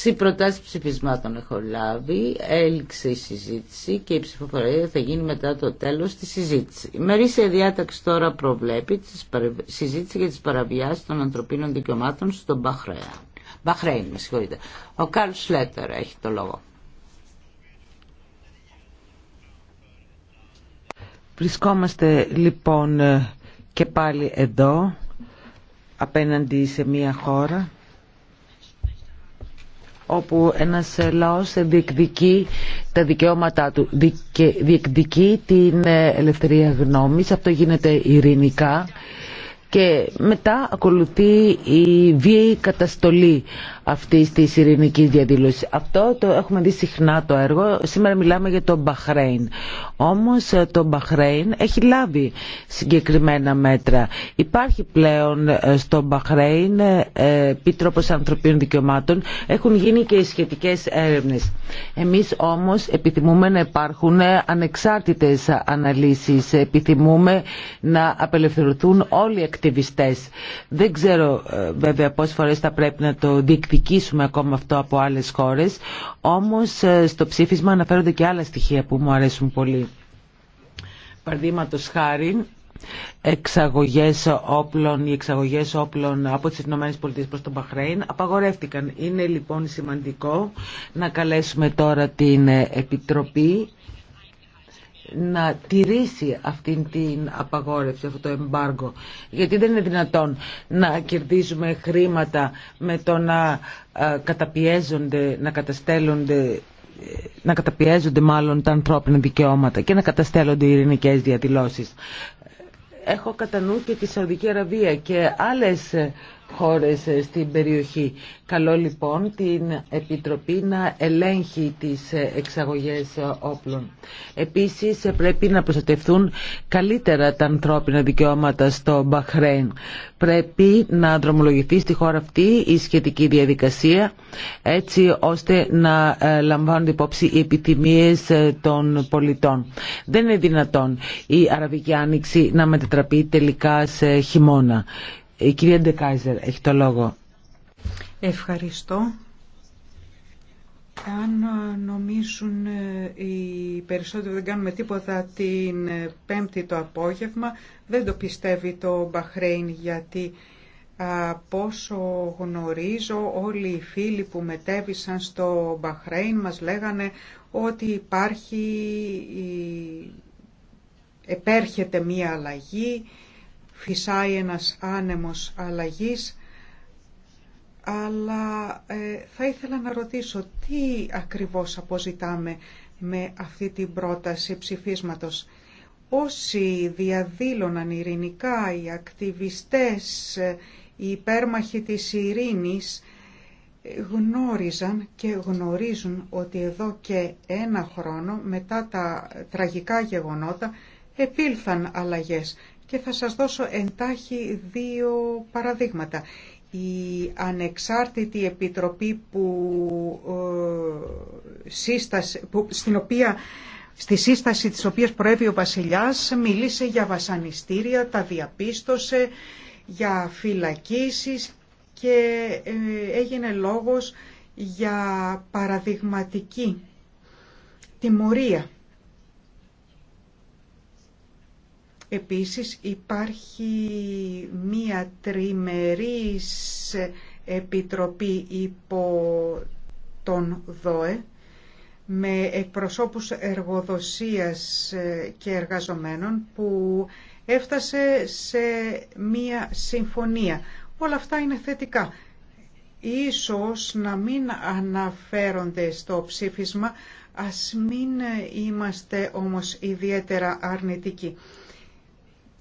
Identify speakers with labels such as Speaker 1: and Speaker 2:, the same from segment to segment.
Speaker 1: Έξι προτάσει ψηφισμάτων έχω λάβει, έληξε η συζήτηση και η ψηφοφορία θα γίνει μετά το τέλος τη συζήτηση. Η μερίσια διάταξη τώρα προβλέπει τη συζήτηση για τις παραβιάσεις των ανθρωπίνων δικαιωμάτων στον Μπαχρέα. Μπαχρέιν, με συγχωρείτε. Ο Καρλ Σλέτερ έχει το λόγο.
Speaker 2: Βρισκόμαστε λοιπόν και πάλι εδώ, απέναντι σε μια χώρα όπου ένας λαός διεκδικεί τα δικαιώματά του, διεκδικεί την ελευθερία γνώμης, αυτό γίνεται ειρηνικά και μετά ακολουθεί η βίαιη καταστολή αυτή τη ειρηνική διαδηλώση. Αυτό το έχουμε δει συχνά το έργο. Σήμερα μιλάμε για το Μπαχρέιν. Όμως ε, το Μπαχρέιν έχει λάβει συγκεκριμένα μέτρα. Υπάρχει πλέον ε, στο Μπαχρέιν ε, πίτροπος ανθρωπίνων δικαιωμάτων. Έχουν γίνει και οι σχετικές έρευνες. Εμείς όμως επιθυμούμε να υπάρχουν ανεξάρτητε αναλύσει. Επιθυμούμε να απελευθερωθούν όλοι οι ακτιβιστές. Δεν ξέρω βέβαια πόσε φορέ θα πρέπει να το δίκτυο επικίσουμε ακόμα αυτό από άλλες χώρες, όμως ε, στο ψήφισμα αναφέρονται και άλλα στοιχεία που μου αρέσουν πολύ. Παραδείγματος χάρη, εξαγωγές όπλων, οι εξαγωγές όπλων από τις ΗΠΑ προς τον Παχρέιν απαγορεύτηκαν. Είναι λοιπόν σημαντικό να καλέσουμε τώρα την Επιτροπή να τηρήσει αυτήν την απαγόρευση, αυτό το εμπάργκο. Γιατί δεν είναι δυνατόν να κερδίζουμε χρήματα με το να καταπιέζονται, να καταστέλλονται να καταπιέζονται μάλλον τα ανθρώπινα δικαιώματα και να καταστέλλονται οι ειρηνικέ διαδηλώσεις. Έχω κατά νου και τη Σαουδική Αραβία και άλλες χώρες ε, στην περιοχή. Καλό λοιπόν την Επιτροπή να ελέγχει τις ε, εξαγωγές ε, όπλων. Επίσης πρέπει να προστατευτούν καλύτερα τα ανθρώπινα δικαιώματα στο Μπαχρέν. Πρέπει να δρομολογηθεί στη χώρα αυτή η σχετική διαδικασία έτσι ώστε να λαμβάνονται υπόψη οι επιθυμίες των πολιτών. Δεν είναι δυνατόν η Αραβική Άνοιξη να μετατραπεί τελικά σε χειμώνα. Η κυρία Ντεκάιζερ έχει το λόγο.
Speaker 3: Ευχαριστώ. Αν νομίζουν ε, οι περισσότεροι δεν κάνουμε τίποτα την ε, πέμπτη το απόγευμα, δεν το πιστεύει το Μπαχρέιν γιατί πόσο γνωρίζω όλοι οι φίλοι που μετέβησαν στο Μπαχρέιν μας λέγανε ότι υπάρχει, επέρχεται μία αλλαγή, φυσάει ένας άνεμος αλλαγής, αλλά ε, θα ήθελα να ρωτήσω τι ακριβώς αποζητάμε με αυτή την πρόταση ψηφίσματος. Όσοι διαδήλωναν ειρηνικά, οι ακτιβιστές, οι υπέρμαχοι της ειρήνης, γνώριζαν και γνωρίζουν ότι εδώ και ένα χρόνο μετά τα τραγικά γεγονότα επήλθαν αλλαγές και θα σας δώσω εντάχει δύο παραδείγματα. Η ανεξάρτητη επιτροπή που, ε, σύσταση, που, στην οποία, στη σύσταση της οποίας προέβη ο βασιλιάς μίλησε για βασανιστήρια, τα διαπίστωσε, για φυλακίσεις και ε, έγινε λόγος για παραδειγματική τιμωρία Επίσης υπάρχει μία τριμερής επιτροπή υπό τον ΔΟΕ με εκπροσώπους εργοδοσίας και εργαζομένων που έφτασε σε μία συμφωνία. Όλα αυτά είναι θετικά. Ίσως να μην αναφέρονται στο ψήφισμα, ας μην είμαστε όμως ιδιαίτερα αρνητικοί.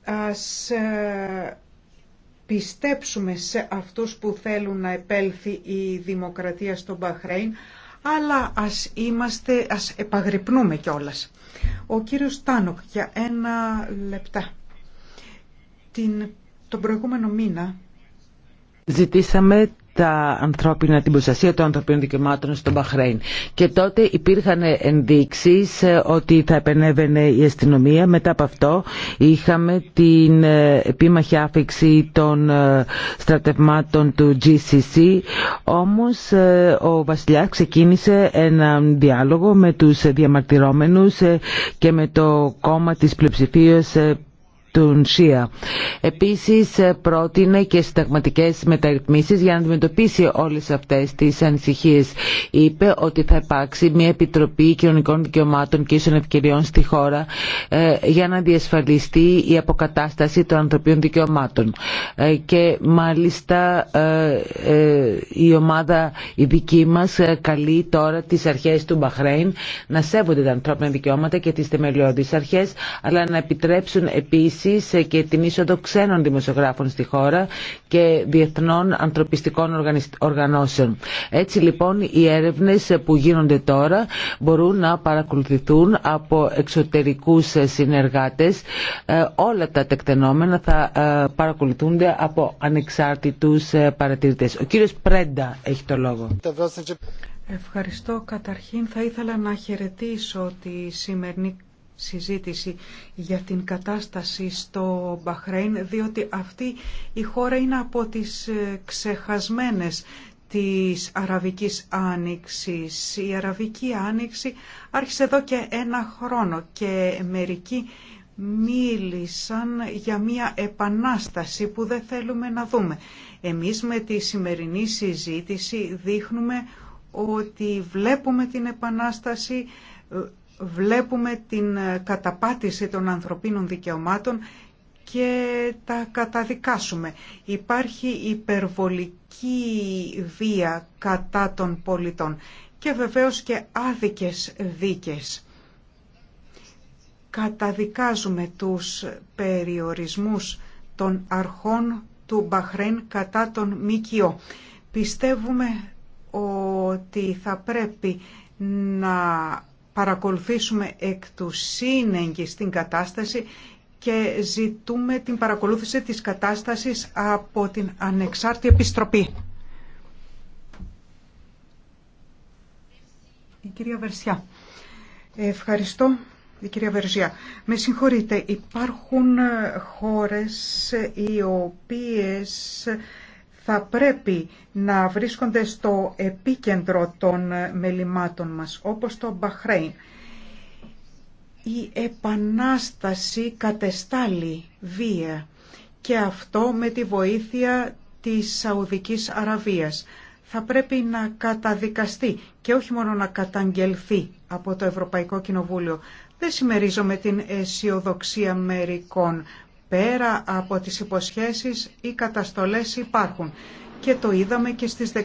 Speaker 3: Ας ε, πιστέψουμε σε αυτούς που θέλουν να επέλθει η δημοκρατία στο Μπαχρέιν, αλλά ας, είμαστε, ας επαγρυπνούμε κιόλας. Ο κύριος Τάνοκ για ένα λεπτά. Την, τον προηγούμενο μήνα
Speaker 2: ζητήσαμε τα ανθρώπινα, την προστασία των ανθρωπίνων δικαιωμάτων στον Μπαχρέιν. Και τότε υπήρχαν ενδείξει ε, ότι θα επενέβαινε η αστυνομία. Μετά από αυτό είχαμε την ε, επίμαχη άφηξη των ε, στρατευμάτων του GCC. Όμως ο Βασιλιά ξεκίνησε ένα διάλογο με τους διαμαρτυρόμενους και με το κόμμα της πλειοψηφίας του ΣΥΑ. Επίσης ε, πρότεινε και συνταγματικές μεταρρυθμίσεις για να αντιμετωπίσει όλες αυτές τις ανησυχίες. Είπε ότι θα υπάρξει μια Επιτροπή Κοινωνικών Δικαιωμάτων και Ίσων Ευκαιριών στη χώρα ε, για να διασφαλιστεί η αποκατάσταση των ανθρωπιών δικαιωμάτων. Ε, και μάλιστα η ομάδα η δική μας καλεί τώρα τις αρχές του Μπαχρέιν να σέβονται τα ανθρώπινα δικαιώματα και τις θεμελιώδεις αρχές αλλά να επιτρέψουν επίσης και την είσοδο ξένων δημοσιογράφων στη χώρα και διεθνών ανθρωπιστικών οργανώσεων. Έτσι λοιπόν οι έρευνες που γίνονται τώρα μπορούν να παρακολουθηθούν από εξωτερικούς συνεργάτες. Ε, όλα τα τεκτενόμενα θα ε, παρακολουθούνται από ανεξάρτητους ε, παρατηρητές. Ο κύριος Πρέντα έχει το λόγο.
Speaker 3: Ευχαριστώ. Καταρχήν θα ήθελα να χαιρετήσω τη σημερινή συζήτηση για την κατάσταση στο Μπαχρέιν, διότι αυτή η χώρα είναι από τις ε, ξεχασμένες της Αραβικής Άνοιξης. Η Αραβική Άνοιξη άρχισε εδώ και ένα χρόνο και μερικοί μίλησαν για μια επανάσταση που δεν θέλουμε να δούμε. Εμείς με τη σημερινή συζήτηση δείχνουμε ότι βλέπουμε την επανάσταση, ε, βλέπουμε την ε, καταπάτηση των ανθρωπίνων δικαιωμάτων και τα καταδικάσουμε. Υπάρχει υπερβολική βία κατά των πολιτών και βεβαίως και άδικες δίκες. Καταδικάζουμε τους περιορισμούς των αρχών του Μπαχρέν κατά τον ΜΚΟ. Πιστεύουμε ότι θα πρέπει να παρακολουθήσουμε εκ του σύνεγγι στην κατάσταση και ζητούμε την παρακολούθηση της κατάστασης από την Ανεξάρτητη Επιστροπή. Η κυρία Βερσιά. Ευχαριστώ. Η κυρία Βερζιά, με συγχωρείτε, υπάρχουν ε, χώρες ε, οι οποίες θα πρέπει να βρίσκονται στο επίκεντρο των μελημάτων μας, όπως το Μπαχρέιν. Η επανάσταση κατεστάλλει βία και αυτό με τη βοήθεια της Σαουδικής Αραβίας. Θα πρέπει να καταδικαστεί και όχι μόνο να καταγγελθεί από το Ευρωπαϊκό Κοινοβούλιο. Δεν συμμερίζομαι την αισιοδοξία μερικών Πέρα από τις υποσχέσεις, οι καταστολές υπάρχουν. Και το είδαμε και στις 14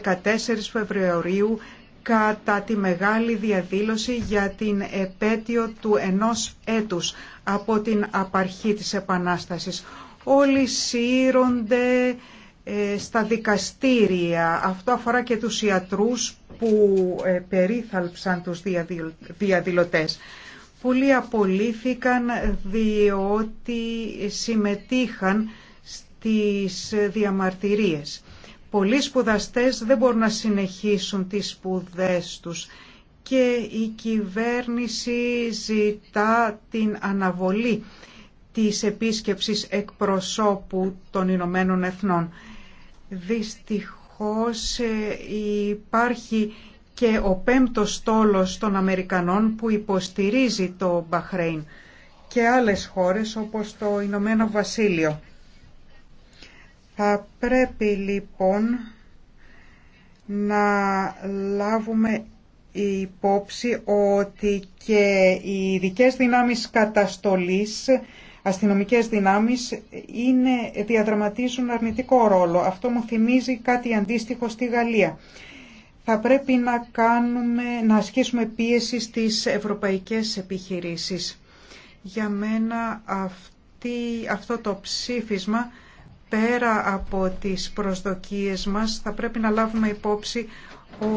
Speaker 3: Φεβρουαρίου κατά τη μεγάλη διαδήλωση για την επέτειο του ενός έτους από την απαρχή της Επανάστασης. Όλοι σύρονται ε, στα δικαστήρια. Αυτό αφορά και τους ιατρούς που ε, περίθαλψαν τους διαδηλωτές. Πολλοί απολύθηκαν διότι συμμετείχαν στις διαμαρτυρίες. Πολλοί σπουδαστές δεν μπορούν να συνεχίσουν τις σπουδές τους και η κυβέρνηση ζητά την αναβολή της επίσκεψης εκπροσώπου των Ηνωμένων Εθνών. Δυστυχώς ε, υπάρχει και ο πέμπτος στόλος των Αμερικανών που υποστηρίζει το Μπαχρέιν και άλλες χώρες όπως το Ηνωμένο Βασίλειο. Θα πρέπει λοιπόν να λάβουμε υπόψη ότι και οι ειδικέ δυνάμεις καταστολής, αστυνομικές δυνάμεις, είναι, διαδραματίζουν αρνητικό ρόλο. Αυτό μου θυμίζει κάτι αντίστοιχο στη Γαλλία θα πρέπει να, κάνουμε, να ασκήσουμε πίεση στις ευρωπαϊκές επιχειρήσεις. Για μένα αυτό το ψήφισμα πέρα από τις προσδοκίες μας θα πρέπει να λάβουμε υπόψη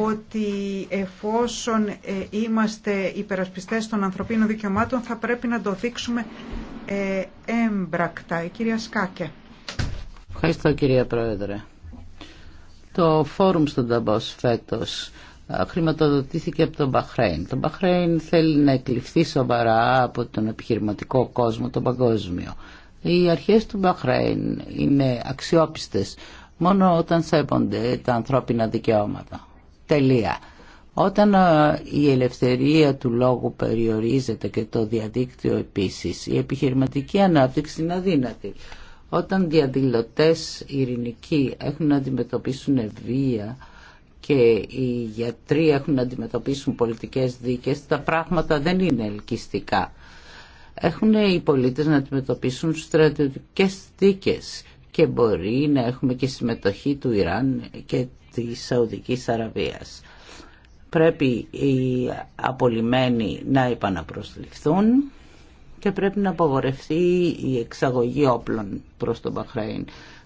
Speaker 3: ότι εφόσον ε, είμαστε υπερασπιστές των ανθρωπίνων δικαιωμάτων θα πρέπει να το δείξουμε ε, έμπρακτα. Η κυρία Σκάκε.
Speaker 1: Ευχαριστώ κυρία Πρόεδρε. Το φόρουμ στον Ταμπός φέτος χρηματοδοτήθηκε από τον Μπαχρέιν. Το Μπαχρέιν θέλει να εκλειφθεί σοβαρά από τον επιχειρηματικό κόσμο, τον παγκόσμιο. Οι αρχές του Μπαχρέιν είναι αξιόπιστες μόνο όταν σέβονται τα ανθρώπινα δικαιώματα. Τελεία. Όταν η ελευθερία του λόγου περιορίζεται και το διαδίκτυο επίσης, η επιχειρηματική ανάπτυξη είναι αδύνατη. Όταν διαδηλωτέ ειρηνικοί έχουν να αντιμετωπίσουν βία και οι γιατροί έχουν να αντιμετωπίσουν πολιτικές δίκες, τα πράγματα δεν είναι ελκυστικά. Έχουν οι πολίτες να αντιμετωπίσουν στρατιωτικές δίκες και μπορεί να έχουμε και συμμετοχή του Ιράν και της Σαουδικής Αραβίας. Πρέπει οι απολυμμένοι να επαναπροσληφθούν και πρέπει να απαγορευτεί η εξαγωγή όπλων προς τον Μπαχραήν.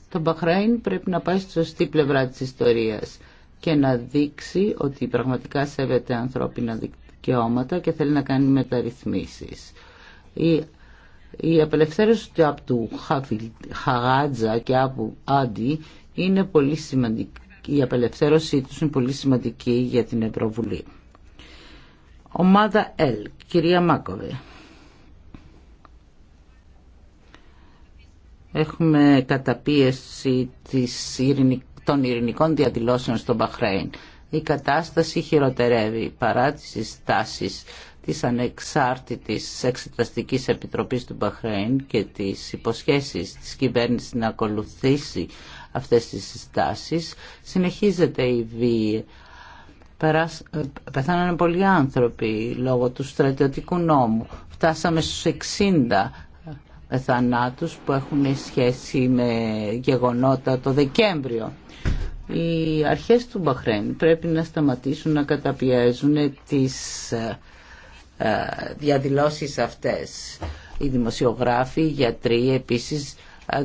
Speaker 1: Το Μπαχραήν πρέπει να πάει στη σωστή πλευρά της ιστορίας και να δείξει ότι πραγματικά σέβεται ανθρώπινα δικαιώματα και θέλει να κάνει μεταρρυθμίσεις. Η, η απελευθέρωση του από του Χαγάτζα και από Άντι είναι πολύ σημαντική. Η απελευθέρωσή τους είναι πολύ σημαντική για την Ευρωβουλή. Ομάδα L, κυρία Μάκοβε. Έχουμε καταπίεση της των ειρηνικών διαδηλώσεων στο Μπαχρέιν. Η κατάσταση χειροτερεύει παρά τις συστάσεις της ανεξάρτητης εξεταστικής επιτροπής του Μπαχρέιν και τις υποσχέσεις της κυβέρνησης να ακολουθήσει αυτές τις συστάσεις. Συνεχίζεται η βία. Πεθάνανε πολλοί άνθρωποι λόγω του στρατιωτικού νόμου. Φτάσαμε στους 60 θανάτους που έχουν σχέση με γεγονότα το Δεκέμβριο. Οι αρχές του Μπαχρέν πρέπει να σταματήσουν να καταπιέζουν τις ε, διαδηλώσεις αυτές. Οι δημοσιογράφοι, οι γιατροί επίσης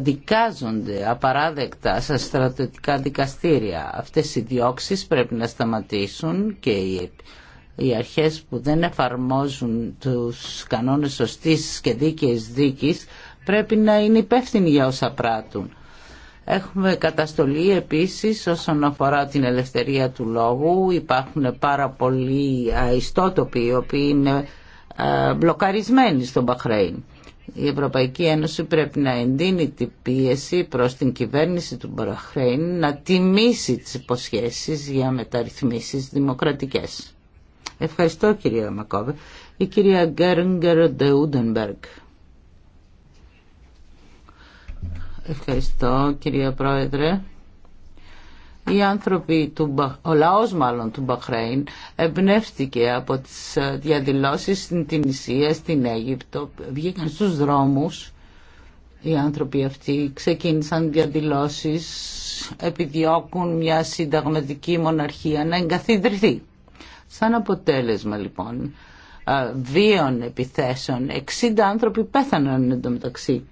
Speaker 1: δικάζονται απαράδεκτα στα στρατιωτικά δικαστήρια. Αυτές οι διώξεις πρέπει να σταματήσουν και οι οι αρχές που δεν εφαρμόζουν τους κανόνες σωστής και δίκαιης δίκης πρέπει να είναι υπεύθυνοι για όσα πράττουν. Έχουμε καταστολή επίσης όσον αφορά την ελευθερία του λόγου. Υπάρχουν πάρα πολλοί αιστότοποι οι οποίοι είναι ε, μπλοκαρισμένοι στον Μπαχρέιν. Η Ευρωπαϊκή Ένωση πρέπει να εντείνει την πίεση προς την κυβέρνηση του Μπαχρέιν να τιμήσει τις υποσχέσεις για μεταρρυθμίσεις δημοκρατικές. Ευχαριστώ κυρία Μακόβε. Η κυρία Γκέρνγκερ Ντεούντενμπεργκ. Ευχαριστώ κυρία Πρόεδρε. Οι άνθρωποι του ο λαός μάλλον του Μπαχρέιν εμπνεύστηκε από τις ε, διαδηλώσεις στην Τινησία, στην Αίγυπτο, βγήκαν στους δρόμους οι άνθρωποι αυτοί ξεκίνησαν διαδηλώσεις, επιδιώκουν μια συνταγματική μοναρχία να εγκαθιδρυθεί. Σαν αποτέλεσμα λοιπόν βίων επιθέσεων 60 άνθρωποι πέθαναν εντωμεταξύ.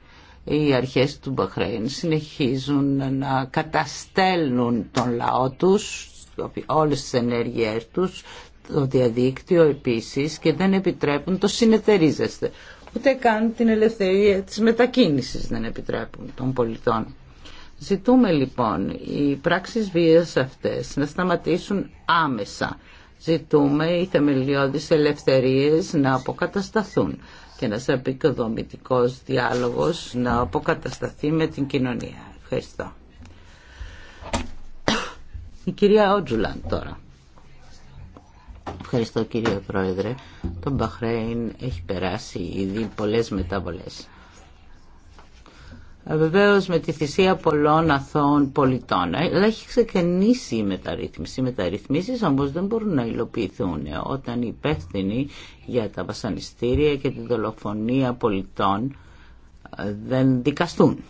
Speaker 1: Οι αρχές του Μπαχρέιν συνεχίζουν να καταστέλνουν τον λαό τους, όλες τις ενέργειές τους, το διαδίκτυο επίσης και δεν επιτρέπουν το συνεταιρίζεστε. Ούτε καν την ελευθερία της μετακίνησης δεν επιτρέπουν των πολιτών. Ζητούμε λοιπόν οι πράξεις βίας αυτές να σταματήσουν άμεσα Ζητούμε οι θεμελιώδεις ελευθερίες να αποκατασταθούν και ένας επικοδομητικός διάλογος να αποκατασταθεί με την κοινωνία. Ευχαριστώ. Η κυρία Ότζουλαν τώρα. Ευχαριστώ κύριε Πρόεδρε. Το Μπαχρέιν έχει περάσει ήδη πολλές μεταβολές. Ε, Βεβαίω με τη θυσία πολλών αθώων πολιτών. Ε, αλλά έχει ξεκινήσει η μεταρρύθμιση. Οι μεταρρυθμίσει όμω δεν μπορούν να υλοποιηθούν ε, όταν οι υπεύθυνοι για τα βασανιστήρια και τη δολοφονία πολιτών δεν δικαστούν.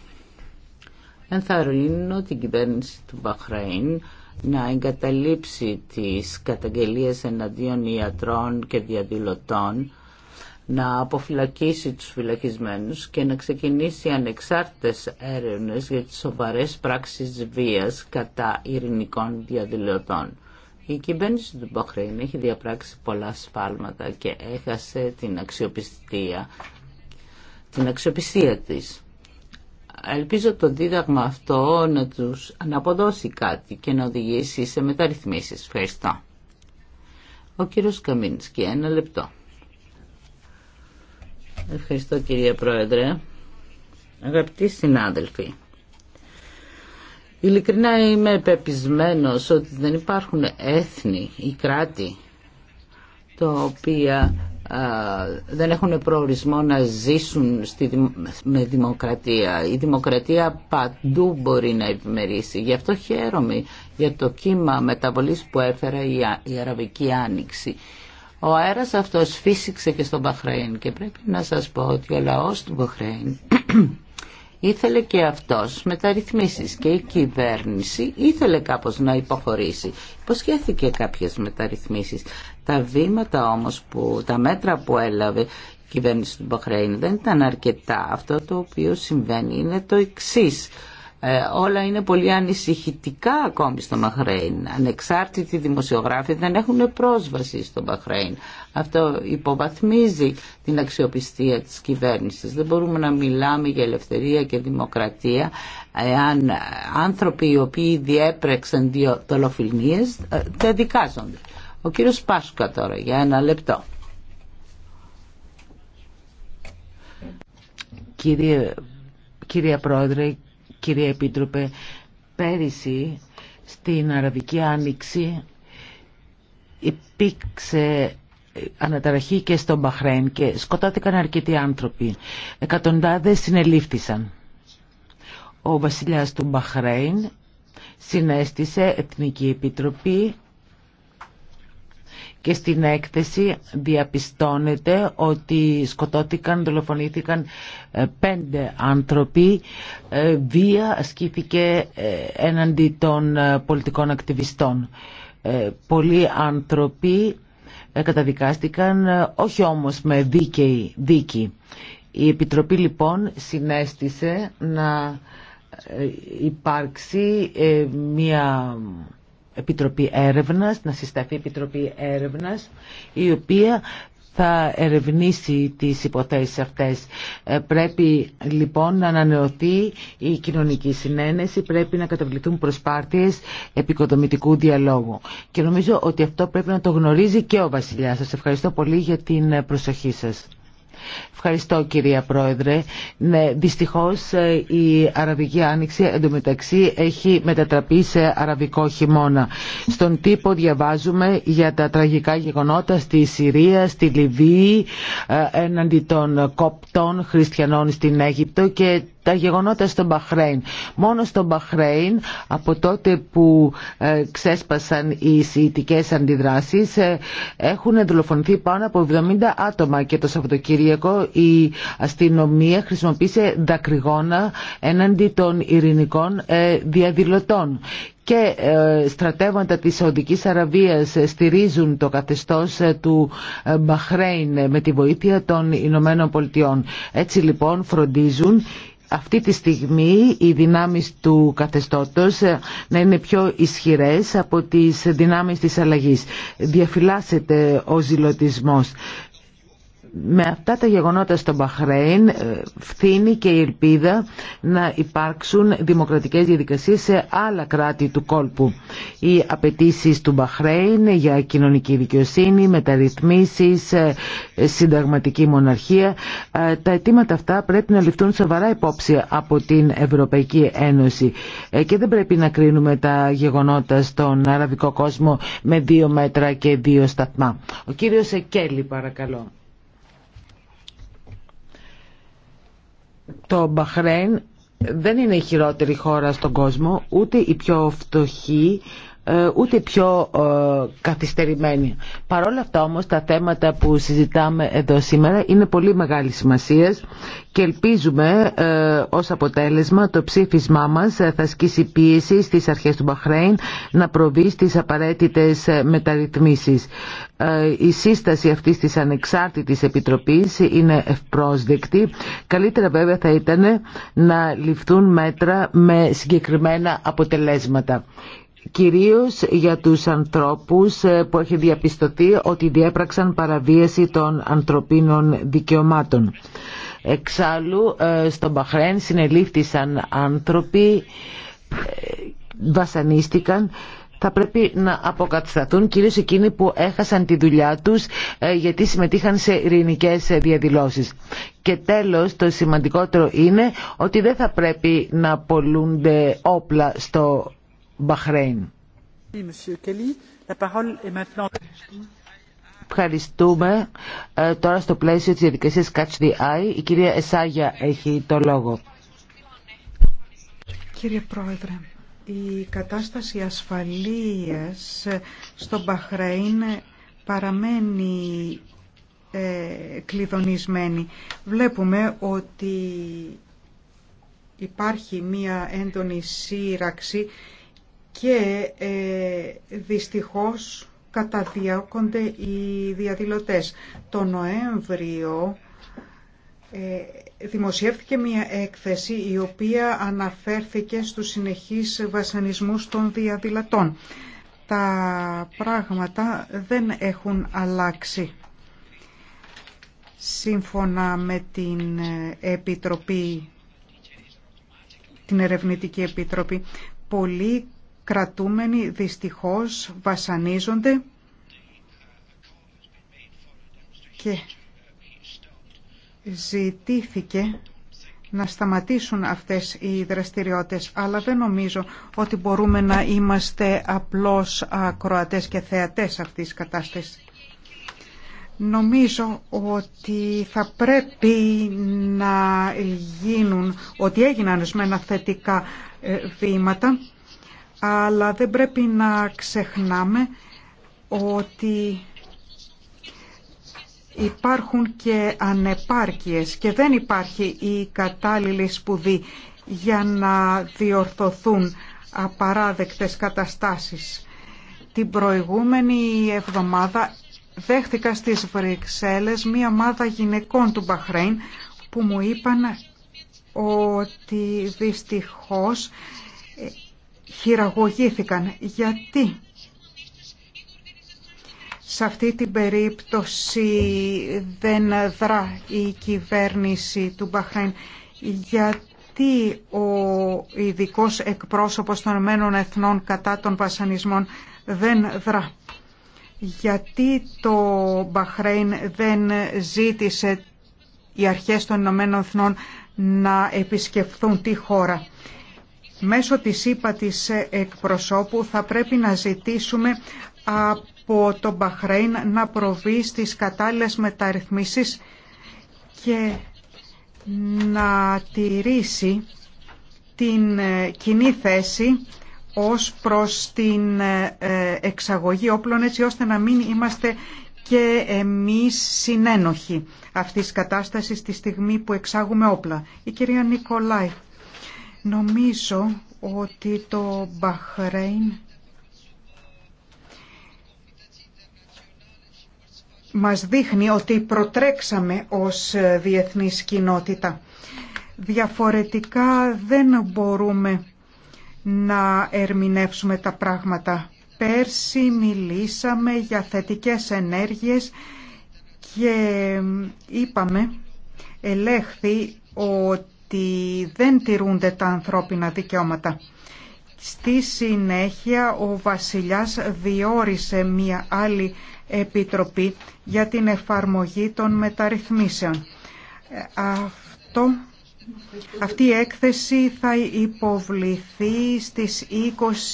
Speaker 1: Ενθαρρύνω την κυβέρνηση του Μπαχραϊν να εγκαταλείψει τις καταγγελίες εναντίον ιατρών και διαδηλωτών να αποφυλακίσει τους φυλακισμένους και να ξεκινήσει ανεξάρτητες έρευνες για τις σοβαρές πράξεις βίας κατά ειρηνικών διαδηλωτών. Η κυβέρνηση του Μποχρέιν έχει διαπράξει πολλά σφάλματα και έχασε την αξιοπιστία, την αξιοπιστία της. Ελπίζω το δίδαγμα αυτό να τους αναποδώσει κάτι και να οδηγήσει σε μεταρρυθμίσεις. Ευχαριστώ. Ο κύριος Καμίνσκι, ένα λεπτό. Ευχαριστώ κύριε Πρόεδρε. Αγαπητοί συνάδελφοι, ειλικρινά είμαι πεπισμένος ότι δεν υπάρχουν έθνη ή κράτη τα οποία δεν έχουν προορισμό να ζήσουν στη, με δημοκρατία. Η δημοκρατία παντού μπορεί να επιμερίσει. Γι' αυτό χαίρομαι για το κύμα μεταβολής που έφερε η, η Αραβική Άνοιξη. Ο αέρας αυτός φύσηξε και στον Παχραήν και πρέπει να σας πω ότι ο λαός του Παχραήν ήθελε και αυτός μεταρρυθμίσεις και η κυβέρνηση ήθελε κάπως να υποχωρήσει. Υποσχέθηκε κάποιες μεταρρυθμίσεις. Τα βήματα όμως, που, τα μέτρα που έλαβε η κυβέρνηση του Παχραήν δεν ήταν αρκετά. Αυτό το οποίο συμβαίνει είναι το εξής. Ε, όλα είναι πολύ ανησυχητικά ακόμη στο Μαχρέιν. Ανεξάρτητοι δημοσιογράφοι δεν έχουν πρόσβαση στο Μαχρέιν. Αυτό υποβαθμίζει την αξιοπιστία της κυβέρνησης. Δεν μπορούμε να μιλάμε για ελευθερία και δημοκρατία εάν άνθρωποι οι οποίοι διέπρεξαν δολοφιλνίες δεν δικάζονται. Ο κύριος Πάσκα τώρα για ένα λεπτό.
Speaker 2: Κύριε, κύριε Πρόεδρε, Κύριε Επίτροπε, πέρυσι στην Αραβική Άνοιξη υπήρξε αναταραχή και στον Μπαχρέν και σκοτώθηκαν αρκετοί άνθρωποι. Εκατοντάδες συνελήφθησαν. Ο βασιλιάς του Μπαχρέν συνέστησε Εθνική Επιτροπή και στην έκθεση διαπιστώνεται ότι σκοτώθηκαν, δολοφονήθηκαν ε, πέντε άνθρωποι. Ε, βία ασκήθηκε ε, έναντι των πολιτικών ακτιβιστών. Πολλοί άνθρωποι καταδικάστηκαν, όχι όμως με δίκαιη δίκη. Η Επιτροπή λοιπόν συνέστησε να υπάρξει μια Επιτροπή Έρευνας, να συσταθεί Επιτροπή Έρευνας, η οποία θα ερευνήσει τις υποθέσεις αυτές. Ε, πρέπει λοιπόν να ανανεωθεί η κοινωνική συνένεση, πρέπει να καταβληθούν προσπάθειες επικοδομητικού διαλόγου. Και νομίζω ότι αυτό πρέπει να το γνωρίζει και ο Βασιλιάς. Σας ευχαριστώ πολύ για την προσοχή σας. Ευχαριστώ κυρία Πρόεδρε. Ναι, δυστυχώς ε, η Αραβική Άνοιξη εντωμεταξύ έχει μετατραπεί σε αραβικό χειμώνα. Στον τύπο διαβάζουμε για τα τραγικά γεγονότα στη Συρία, στη Λιβύη, ε, έναντι των κοπτών χριστιανών στην Αίγυπτο και τα γεγονότα στο Μπαχρέιν. Μόνο στο Μπαχρέιν από τότε που ε, ξέσπασαν οι σιητικές αντιδράσεις ε, έχουν δολοφονηθεί πάνω από 70 άτομα και το Σαββατοκύριακο η αστυνομία χρησιμοποίησε δακρυγόνα έναντι των ειρηνικών ε, διαδηλωτών και στρατεύματα της Σαουδικής Αραβίας στηρίζουν το καθεστώς του Μπαχρέιν με τη βοήθεια των Ηνωμένων Πολιτειών. Έτσι λοιπόν φροντίζουν αυτή τη στιγμή οι δυνάμεις του καθεστώτος να είναι πιο ισχυρές από τις δυνάμεις της αλλαγής. Διαφυλάσσεται ο ζηλωτισμός με αυτά τα γεγονότα στο Μπαχρέιν ε, φθήνει και η ελπίδα να υπάρξουν δημοκρατικές διαδικασίες σε άλλα κράτη του κόλπου. Οι απαιτήσει του Μπαχρέιν για κοινωνική δικαιοσύνη, μεταρρυθμίσεις, ε, συνταγματική μοναρχία, ε, τα αιτήματα αυτά πρέπει να ληφθούν σοβαρά υπόψη από την Ευρωπαϊκή Ένωση και δεν πρέπει να κρίνουμε τα γεγονότα στον αραβικό κόσμο με δύο μέτρα και δύο σταθμά. Ο κύριος Κέλλη παρακαλώ. το Μπαχρέν δεν είναι η χειρότερη χώρα στον κόσμο, ούτε η πιο φτωχή, ε, ούτε πιο ε, καθυστερημένη. Παρόλα αυτά όμως τα θέματα που συζητάμε εδώ σήμερα είναι πολύ μεγάλη σημασία και ελπίζουμε ε, ως αποτέλεσμα το ψήφισμά μας θα σκίσει πίεση στις αρχές του Μπαχρέιν να προβεί στις απαραίτητες μεταρρυθμίσεις. Η σύσταση αυτής της ανεξάρτητης επιτροπής είναι ευπρόσδεκτη. Καλύτερα βέβαια θα ήταν να ληφθούν μέτρα με συγκεκριμένα αποτελέσματα κυρίως για τους ανθρώπους ε, που έχει διαπιστωθεί ότι διέπραξαν παραβίαση των ανθρωπίνων δικαιωμάτων. Εξάλλου, ε, στον Μπαχρέν συνελήφθησαν άνθρωποι, ε, βασανίστηκαν θα πρέπει να αποκατασταθούν κυρίως εκείνοι που έχασαν τη δουλειά τους γιατί συμμετείχαν σε ειρηνικέ διαδηλώσεις. Και τέλος το σημαντικότερο είναι ότι δεν θα πρέπει να πολλούνται όπλα στο Μπαχρέιν. Ευχαριστούμε. Ε, τώρα στο πλαίσιο της διαδικασίας Catch the Eye, η κυρία Εσάγια έχει το λόγο.
Speaker 3: Κύριε Πρόεδρε, η κατάσταση ασφαλείας στο Μπαχρέιν παραμένει ε, κλειδονισμένη. Βλέπουμε ότι υπάρχει μία έντονη σύραξη και ε, δυστυχώς καταδιώκονται οι διαδηλωτές. Το Νοέμβριο ε, δημοσιεύτηκε μια έκθεση η οποία αναφέρθηκε στους συνεχείς βασανισμούς των διαδηλατών. Τα πράγματα δεν έχουν αλλάξει. Σύμφωνα με την ε, Επιτροπή, την Ερευνητική Επιτροπή, πολλοί κρατούμενοι δυστυχώς βασανίζονται και ζητήθηκε να σταματήσουν αυτές οι δραστηριότητες, αλλά δεν νομίζω ότι μπορούμε να είμαστε απλώς ακροατές και θεατές αυτής της κατάστασης. Νομίζω ότι θα πρέπει να γίνουν, ότι έγιναν ορισμένα θετικά ε, βήματα αλλά δεν πρέπει να ξεχνάμε ότι υπάρχουν και ανεπάρκειες και δεν υπάρχει η κατάλληλη σπουδή για να διορθωθούν απαράδεκτες καταστάσεις. Την προηγούμενη εβδομάδα δέχτηκα στις Βρυξέλλες μία ομάδα γυναικών του Μπαχρέιν που μου είπαν ότι δυστυχώς χειραγωγήθηκαν. Γιατί σε αυτή την περίπτωση δεν δρά η κυβέρνηση του Μπαχρέν. Γιατί ο ειδικό εκπρόσωπος των Ηνωμένων Εθνών κατά των βασανισμών δεν δρά. Γιατί το Μπαχρέιν δεν ζήτησε οι αρχές των Ηνωμένων Εθνών να επισκεφθούν τη χώρα. Μέσω της ΥΠΑ της εκπροσώπου θα πρέπει να ζητήσουμε από τον Μπαχρέιν να προβεί στις κατάλληλες μεταρρυθμίσεις και να τηρήσει την ε, κοινή θέση ως προς την ε, εξαγωγή όπλων έτσι ώστε να μην είμαστε και εμείς συνένοχοι αυτής της κατάστασης τη στιγμή που εξάγουμε όπλα. Η κυρία Νικολάη Νομίζω ότι το Μπαχρέιν μας δείχνει ότι προτρέξαμε ως διεθνής κοινότητα. Διαφορετικά δεν μπορούμε να ερμηνεύσουμε τα πράγματα. Πέρσι μιλήσαμε για θετικές ενέργειες και είπαμε, ελέγχθη ότι ότι δεν τηρούνται τα ανθρώπινα δικαιώματα. Στη συνέχεια ο βασιλιάς διόρισε μία άλλη επιτροπή για την εφαρμογή των μεταρρυθμίσεων. Αυτό, αυτή η έκθεση θα υποβληθεί στις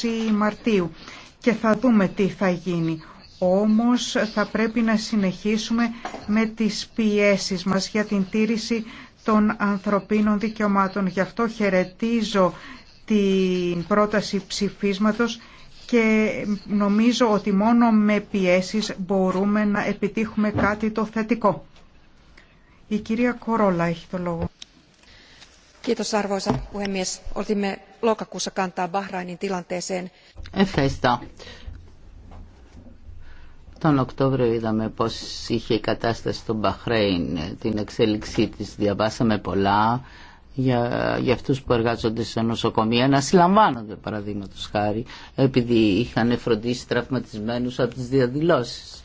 Speaker 3: 20 Μαρτίου και θα δούμε τι θα γίνει. Όμως θα πρέπει να συνεχίσουμε με τις πιέσεις μας για την τήρηση των ανθρωπίνων δικαιωμάτων. Γι' αυτό χαιρετίζω την πρόταση ψηφίσματος και νομίζω ότι μόνο με πιέσεις μπορούμε να επιτύχουμε κάτι το θετικό. Η κυρία Κορόλα έχει το λόγο.
Speaker 1: Ευχαριστώ. Τον Οκτώβριο είδαμε πώς είχε η κατάσταση στον Μπαχρέιν, την εξέλιξή της. Διαβάσαμε πολλά για, για αυτούς που εργάζονται σε νοσοκομεία να συλλαμβάνονται παραδείγματο χάρη επειδή είχαν φροντίσει τραυματισμένους από τις διαδηλώσεις.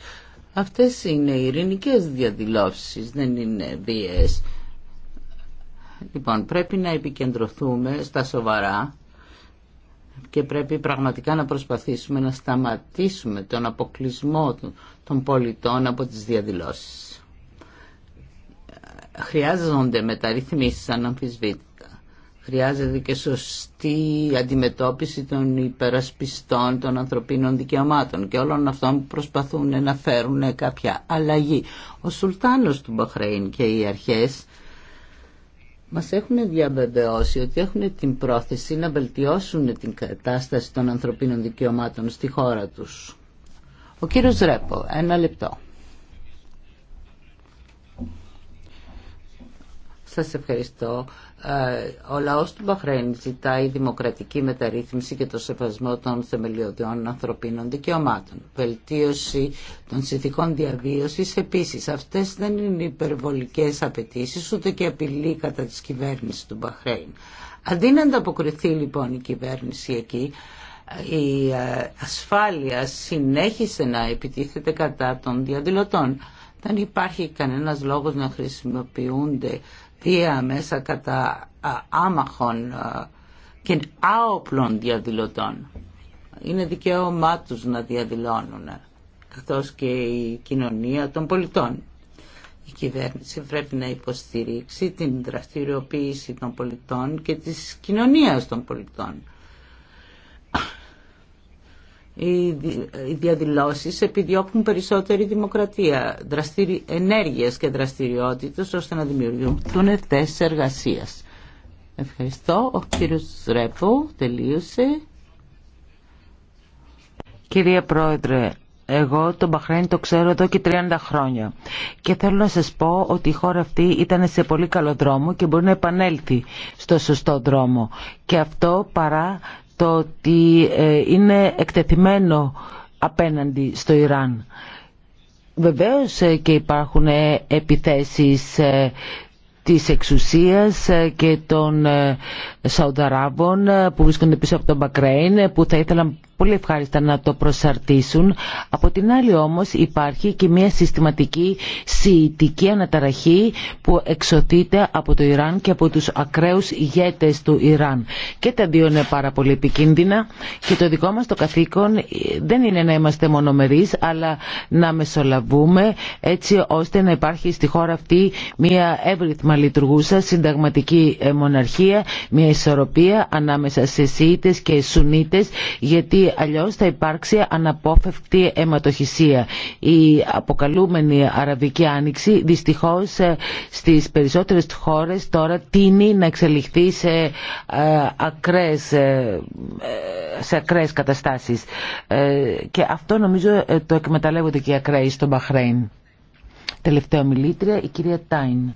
Speaker 1: Αυτές είναι ειρηνικέ διαδηλώσεις, δεν είναι βίες. Λοιπόν, πρέπει να επικεντρωθούμε στα σοβαρά και πρέπει πραγματικά να προσπαθήσουμε να σταματήσουμε τον αποκλεισμό των πολιτών από τις διαδηλώσεις. Χρειάζονται μεταρρυθμίσεις αναμφισβήτητα. Χρειάζεται και σωστή αντιμετώπιση των υπερασπιστών των ανθρωπίνων δικαιωμάτων και όλων αυτών που προσπαθούν να φέρουν κάποια αλλαγή. Ο Σουλτάνος του Μπαχρέιν και οι αρχές μας έχουν διαβεβαιώσει ότι έχουν την πρόθεση να βελτιώσουν την κατάσταση των ανθρωπίνων δικαιωμάτων στη χώρα τους. Ο κύριος Ρέπο, ένα λεπτό. Σας ευχαριστώ. Ε, ο λαός του Μπαχρέιν ζητάει δημοκρατική μεταρρύθμιση και το σεβασμό των θεμελιωδιών ανθρωπίνων δικαιωμάτων. Βελτίωση των συνθηκών διαβίωσης επίσης. Αυτές δεν είναι υπερβολικές απαιτήσει ούτε και απειλή κατά της κυβέρνησης του Μπαχρέιν. Αντί να ανταποκριθεί λοιπόν η κυβέρνηση εκεί, η ε, ασφάλεια συνέχισε να επιτίθεται κατά των διαδηλωτών. Δεν υπάρχει κανένας λόγος να χρησιμοποιούνται η μέσα κατά άμαχων και άοπλων διαδηλωτών. Είναι δικαίωμά τους να διαδηλώνουν, καθώς και η κοινωνία των πολιτών. Η κυβέρνηση πρέπει να υποστηρίξει την δραστηριοποίηση των πολιτών και της κοινωνίας των πολιτών οι διαδηλώσεις επιδιώκουν περισσότερη δημοκρατία, δραστηρι... ενέργειες και δραστηριότητες ώστε να δημιουργηθούν θέσει εργασία. Ευχαριστώ. Ο κύριος Ρέπο τελείωσε.
Speaker 2: Κυρία Πρόεδρε, εγώ τον Μπαχρέν το ξέρω εδώ και 30 χρόνια και θέλω να σας πω ότι η χώρα αυτή ήταν σε πολύ καλό δρόμο και μπορεί να επανέλθει στο σωστό δρόμο και αυτό παρά το ότι ε, είναι εκτεθειμένο απέναντι στο Ιράν. Βεβαίως ε, και υπάρχουν ε, επιθέσεις της εξουσίας ε, και των ε, Σαουδαράβων ε, που βρίσκονται πίσω από τον Μπακρέιν που θα ήθελαν πολύ ευχάριστα να το προσαρτήσουν. Από την άλλη όμως υπάρχει και μια συστηματική σιητική αναταραχή που εξωθείται από το Ιράν και από τους ακραίους ηγέτες του Ιράν. Και τα δύο είναι πάρα πολύ επικίνδυνα και το δικό μας το καθήκον δεν είναι να είμαστε μονομερείς αλλά να μεσολαβούμε έτσι ώστε να υπάρχει στη χώρα αυτή μια εύρυθμα λειτουργούσα συνταγματική ε, μοναρχία, μια ισορροπία ανάμεσα σε Σιήτες και Σουνίτες, γιατί αλλιώς θα υπάρξει αναπόφευκτη αιματοχυσία. Η αποκαλούμενη Αραβική Άνοιξη δυστυχώς ε, στις περισσότερες χώρες τώρα τίνει να εξελιχθεί σε ε, ακραίες, σε καταστάσεις. Και αυτό νομίζω το εκμεταλλεύονται και οι ακραίοι στο Μπαχρέιν. Τελευταία μιλήτρια, η κυρία Τάιν.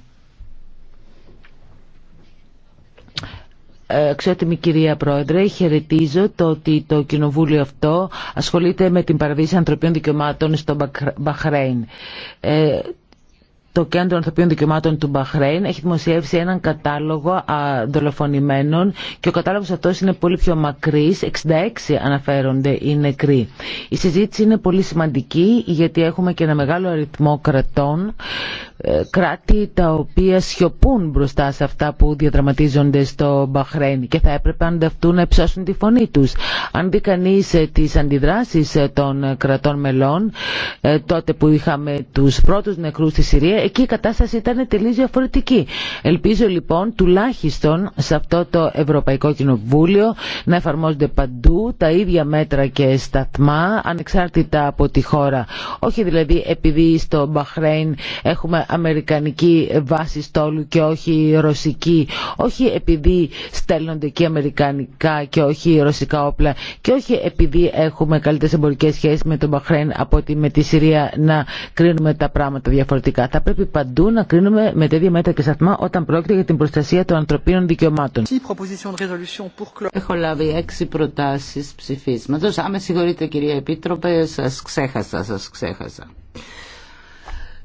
Speaker 2: Αξιότιμη κυρία Πρόεδρε, χαιρετίζω το ότι το κοινοβούλιο αυτό ασχολείται με την παραβίαση ανθρωπίνων δικαιωμάτων στο Μπαχρέιν. Ε, το Κέντρο Ανθρωπίνων Δικαιωμάτων του Μπαχρέιν έχει δημοσιεύσει έναν κατάλογο α, δολοφονημένων και ο κατάλογος αυτός είναι πολύ πιο μακρύς, 66 αναφέρονται οι νεκροί. Η συζήτηση είναι πολύ σημαντική γιατί έχουμε και ένα μεγάλο αριθμό κρατών, ε, κράτη τα οποία σιωπούν μπροστά σε αυτά που διαδραματίζονται στο Μπαχρέιν και θα έπρεπε ανταυτού να υψώσουν τη φωνή τους. Αν δει κανεί ε, τις αντιδράσεις ε, των κρατών μελών τότε που είχαμε τους πρώτους νεκρούς στη Συρία εκεί η κατάσταση ήταν τελείως διαφορετική. Ελπίζω λοιπόν τουλάχιστον σε αυτό το Ευρωπαϊκό Κοινοβούλιο να εφαρμόζονται παντού τα ίδια μέτρα και σταθμά ανεξάρτητα από τη χώρα. Όχι δηλαδή επειδή στο Μπαχρέιν έχουμε αμερικανική βάση στόλου και όχι ρωσική. Όχι επειδή στέλνονται και αμερικανικά και όχι ρωσικά όπλα και όχι επειδή έχουμε καλύτερες εμπορικές σχέσεις με τον Μπαχρέιν από ότι με τη Συρία να κρίνουμε τα πράγματα διαφορετικά πρέπει παντού να κρίνουμε με τέτοια μέτρα και σταθμά όταν πρόκειται για την προστασία των ανθρωπίνων δικαιωμάτων.
Speaker 1: Έχω λάβει έξι προτάσεις ψηφίσματος. Α, με συγχωρείτε κυρία Επίτροπε, σα ξέχασα, σας ξέχασα.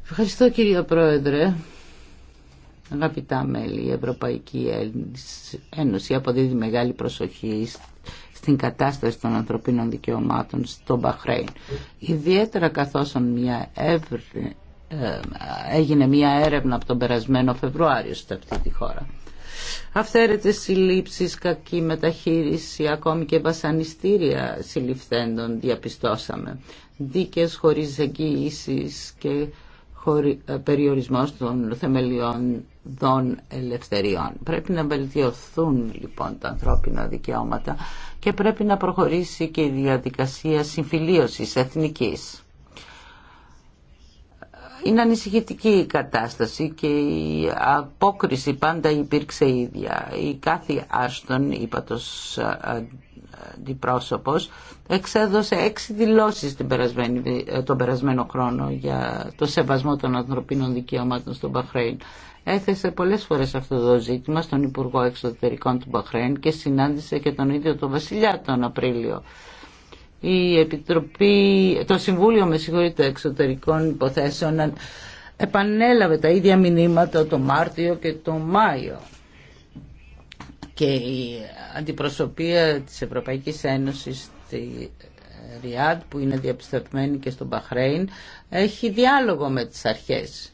Speaker 1: Ευχαριστώ κύριε Πρόεδρε. Αγαπητά μέλη, η Ευρωπαϊκή Ένωση αποδίδει μεγάλη προσοχή στην κατάσταση των ανθρωπίνων δικαιωμάτων στο Μπαχρέιν. Ιδιαίτερα καθώς μια ε, έγινε μια έρευνα από τον περασμένο Φεβρουάριο σε αυτή τη χώρα. Αυθαίρετες συλλήψεις, κακή μεταχείριση, ακόμη και βασανιστήρια συλληφθέντων διαπιστώσαμε. Δίκες χωρίς εγγύησης και χωρι... Ε, περιορισμός των θεμελιών δών ελευθεριών. Πρέπει να βελτιωθούν λοιπόν τα ανθρώπινα δικαιώματα και πρέπει να προχωρήσει και η διαδικασία συμφιλίωσης εθνικής. Είναι ανησυχητική η κατάσταση και η απόκριση πάντα υπήρξε ίδια. Η κάθε Άστον, το αντιπρόσωπος, εξέδωσε έξι δηλώσεις την ε, τον περασμένο χρόνο για το σεβασμό των ανθρωπίνων δικαιωμάτων στον Μπαχρέιν. Έθεσε πολλές φορές αυτό το ζήτημα στον Υπουργό Εξωτερικών του Μπαχρέιν και συνάντησε και τον ίδιο τον Βασιλιά τον Απρίλιο η Επιτροπή, το Συμβούλιο με συγχωρείτε εξωτερικών υποθέσεων επανέλαβε τα ίδια μηνύματα το Μάρτιο και το Μάιο και η αντιπροσωπεία της Ευρωπαϊκής Ένωσης στη Ριάντ που είναι διαπιστευμένη και στο Μπαχρέιν έχει διάλογο με τις αρχές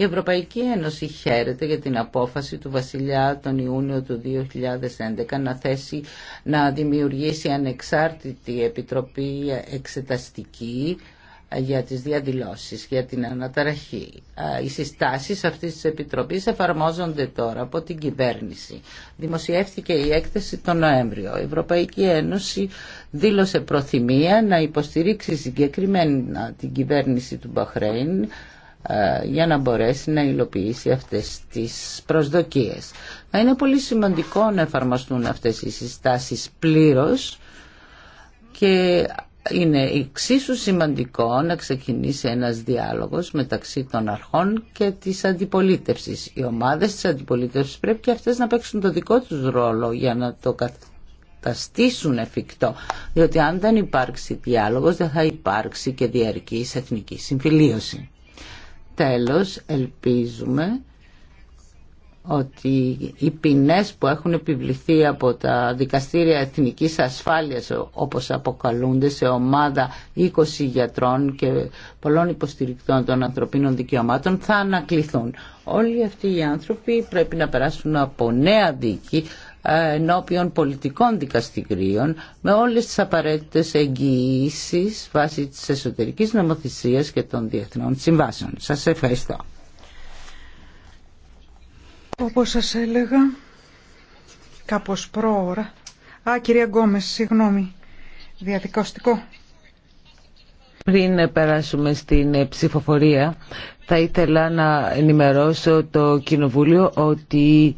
Speaker 1: η Ευρωπαϊκή Ένωση χαίρεται για την απόφαση του Βασιλιά τον Ιούνιο του 2011 να θέσει να δημιουργήσει ανεξάρτητη επιτροπή εξεταστική ε, για τις διαδηλώσεις, για την αναταραχή. Ε, οι συστάσεις αυτής της Επιτροπής εφαρμόζονται τώρα από την κυβέρνηση. Δημοσιεύθηκε η έκθεση τον Νοέμβριο. Η Ευρωπαϊκή Ένωση δήλωσε προθυμία να υποστηρίξει συγκεκριμένα την κυβέρνηση του Μπαχρέιν ε, για να μπορέσει να υλοποιήσει αυτές τις προσδοκίες. είναι πολύ σημαντικό να εφαρμοστούν αυτές οι συστάσεις πλήρως και είναι εξίσου σημαντικό να ξεκινήσει ένας διάλογος μεταξύ των αρχών και της αντιπολίτευσης. Οι ομάδες της αντιπολίτευσης πρέπει και αυτές να παίξουν το δικό τους ρόλο για να το καταστήσουν εφικτό. Διότι αν δεν υπάρξει διάλογος δεν θα υπάρξει και διαρκής εθνική συμφιλίωση. Τέλος, ελπίζουμε ότι οι ποινές που έχουν επιβληθεί από τα δικαστήρια εθνικής ασφάλειας όπως αποκαλούνται σε ομάδα 20 γιατρών και πολλών υποστηρικτών των ανθρωπίνων δικαιωμάτων θα ανακληθούν. Όλοι αυτοί οι άνθρωποι πρέπει να περάσουν από νέα δίκη ε, ενώπιον πολιτικών δικαστηρίων με όλες τις απαραίτητες εγγυήσει βάσει της εσωτερικής νομοθεσίας και των διεθνών συμβάσεων. Σας ευχαριστώ.
Speaker 3: Όπως σας έλεγα, κάπως πρόωρα. Α, κυρία Γκόμες, συγγνώμη. Διαδικαστικό.
Speaker 2: Πριν περάσουμε στην ψηφοφορία, θα ήθελα να ενημερώσω το Κοινοβούλιο ότι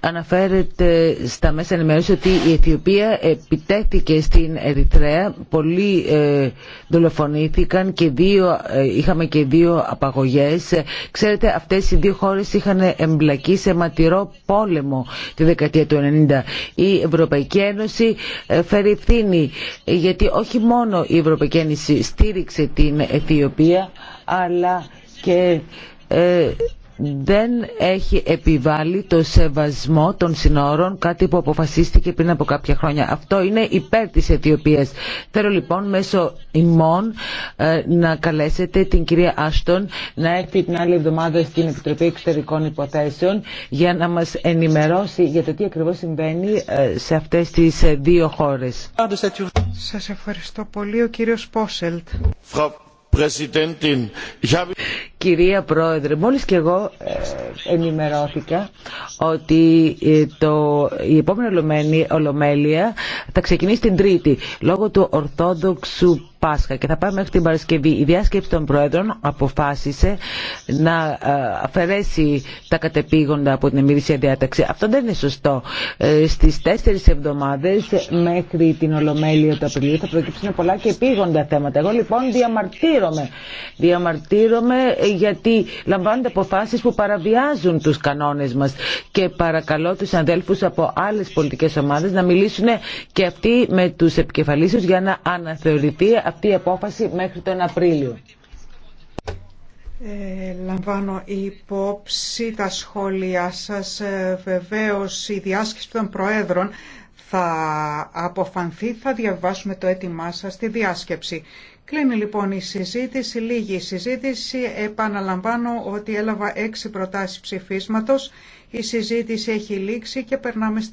Speaker 2: αναφέρεται στα μέσα ενημέρωση ότι η Αιθιοπία επιτέθηκε στην Ερυθρέα, πολλοί ε, δολοφονήθηκαν και δύο, ε, είχαμε και δύο απαγωγές. Ξέρετε αυτές οι δύο χώρες είχαν εμπλακεί σε ματηρό πόλεμο τη δεκαετία του 90. Η Ευρωπαϊκή Ένωση ε, γιατί όχι μόνο η Ευρωπαϊκή Ένωση στήριξε την Αιθιοπία αλλά και ε, δεν έχει επιβάλει το σεβασμό των συνόρων, κάτι που αποφασίστηκε πριν από κάποια χρόνια. Αυτό είναι υπέρ της Αιτιοπίας. Θέλω λοιπόν μέσω ημών ε, να καλέσετε την κυρία Άστον να έρθει την άλλη εβδομάδα στην Επιτροπή Εξωτερικών Υποθέσεων για να μας ενημερώσει για το τι ακριβώς συμβαίνει ε, σε αυτές τις ε, δύο χώρες.
Speaker 3: Σας ευχαριστώ πολύ ο κύριος Πόσελτ.
Speaker 2: Κυρία Πρόεδρε, μόλις και εγώ ε, ενημερώθηκα ότι ε, το, η επόμενη Ολομέλεια θα ξεκινήσει την Τρίτη λόγω του Ορθόδοξου Πάσχα και θα πάμε μέχρι την Παρασκευή. Η διάσκεψη των Πρόεδρων αποφάσισε να ε, αφαιρέσει τα κατεπήγοντα από την εμμυρίσια διάταξη. Αυτό δεν είναι σωστό. Στις τέσσερις εβδομάδες μέχρι την Ολομέλεια του Απριλίου θα προκύψουν πολλά και επίγοντα θέματα. Εγώ λοιπόν διαμαρτύρομαι. Διαμαρτύρομαι γιατί λαμβάνονται αποφάσεις που παραβιάζουν τους κανόνες μας και παρακαλώ τους αδέλφους από άλλες πολιτικές ομάδες να μιλήσουν και αυτοί με τους επικεφαλής για να αναθεωρηθεί αυτή η απόφαση μέχρι τον Απρίλιο.
Speaker 3: Ε, λαμβάνω υπόψη τα σχόλια σας. Ε, βεβαίως η διάσκεψη των Προέδρων θα αποφανθεί, θα διαβάσουμε το έτοιμά σας στη διάσκεψη. Κλείνει λοιπόν η συζήτηση, λίγη η συζήτηση. Επαναλαμβάνω ότι έλαβα έξι προτάσεις ψηφίσματος. Η συζήτηση έχει λήξει και περνάμε στην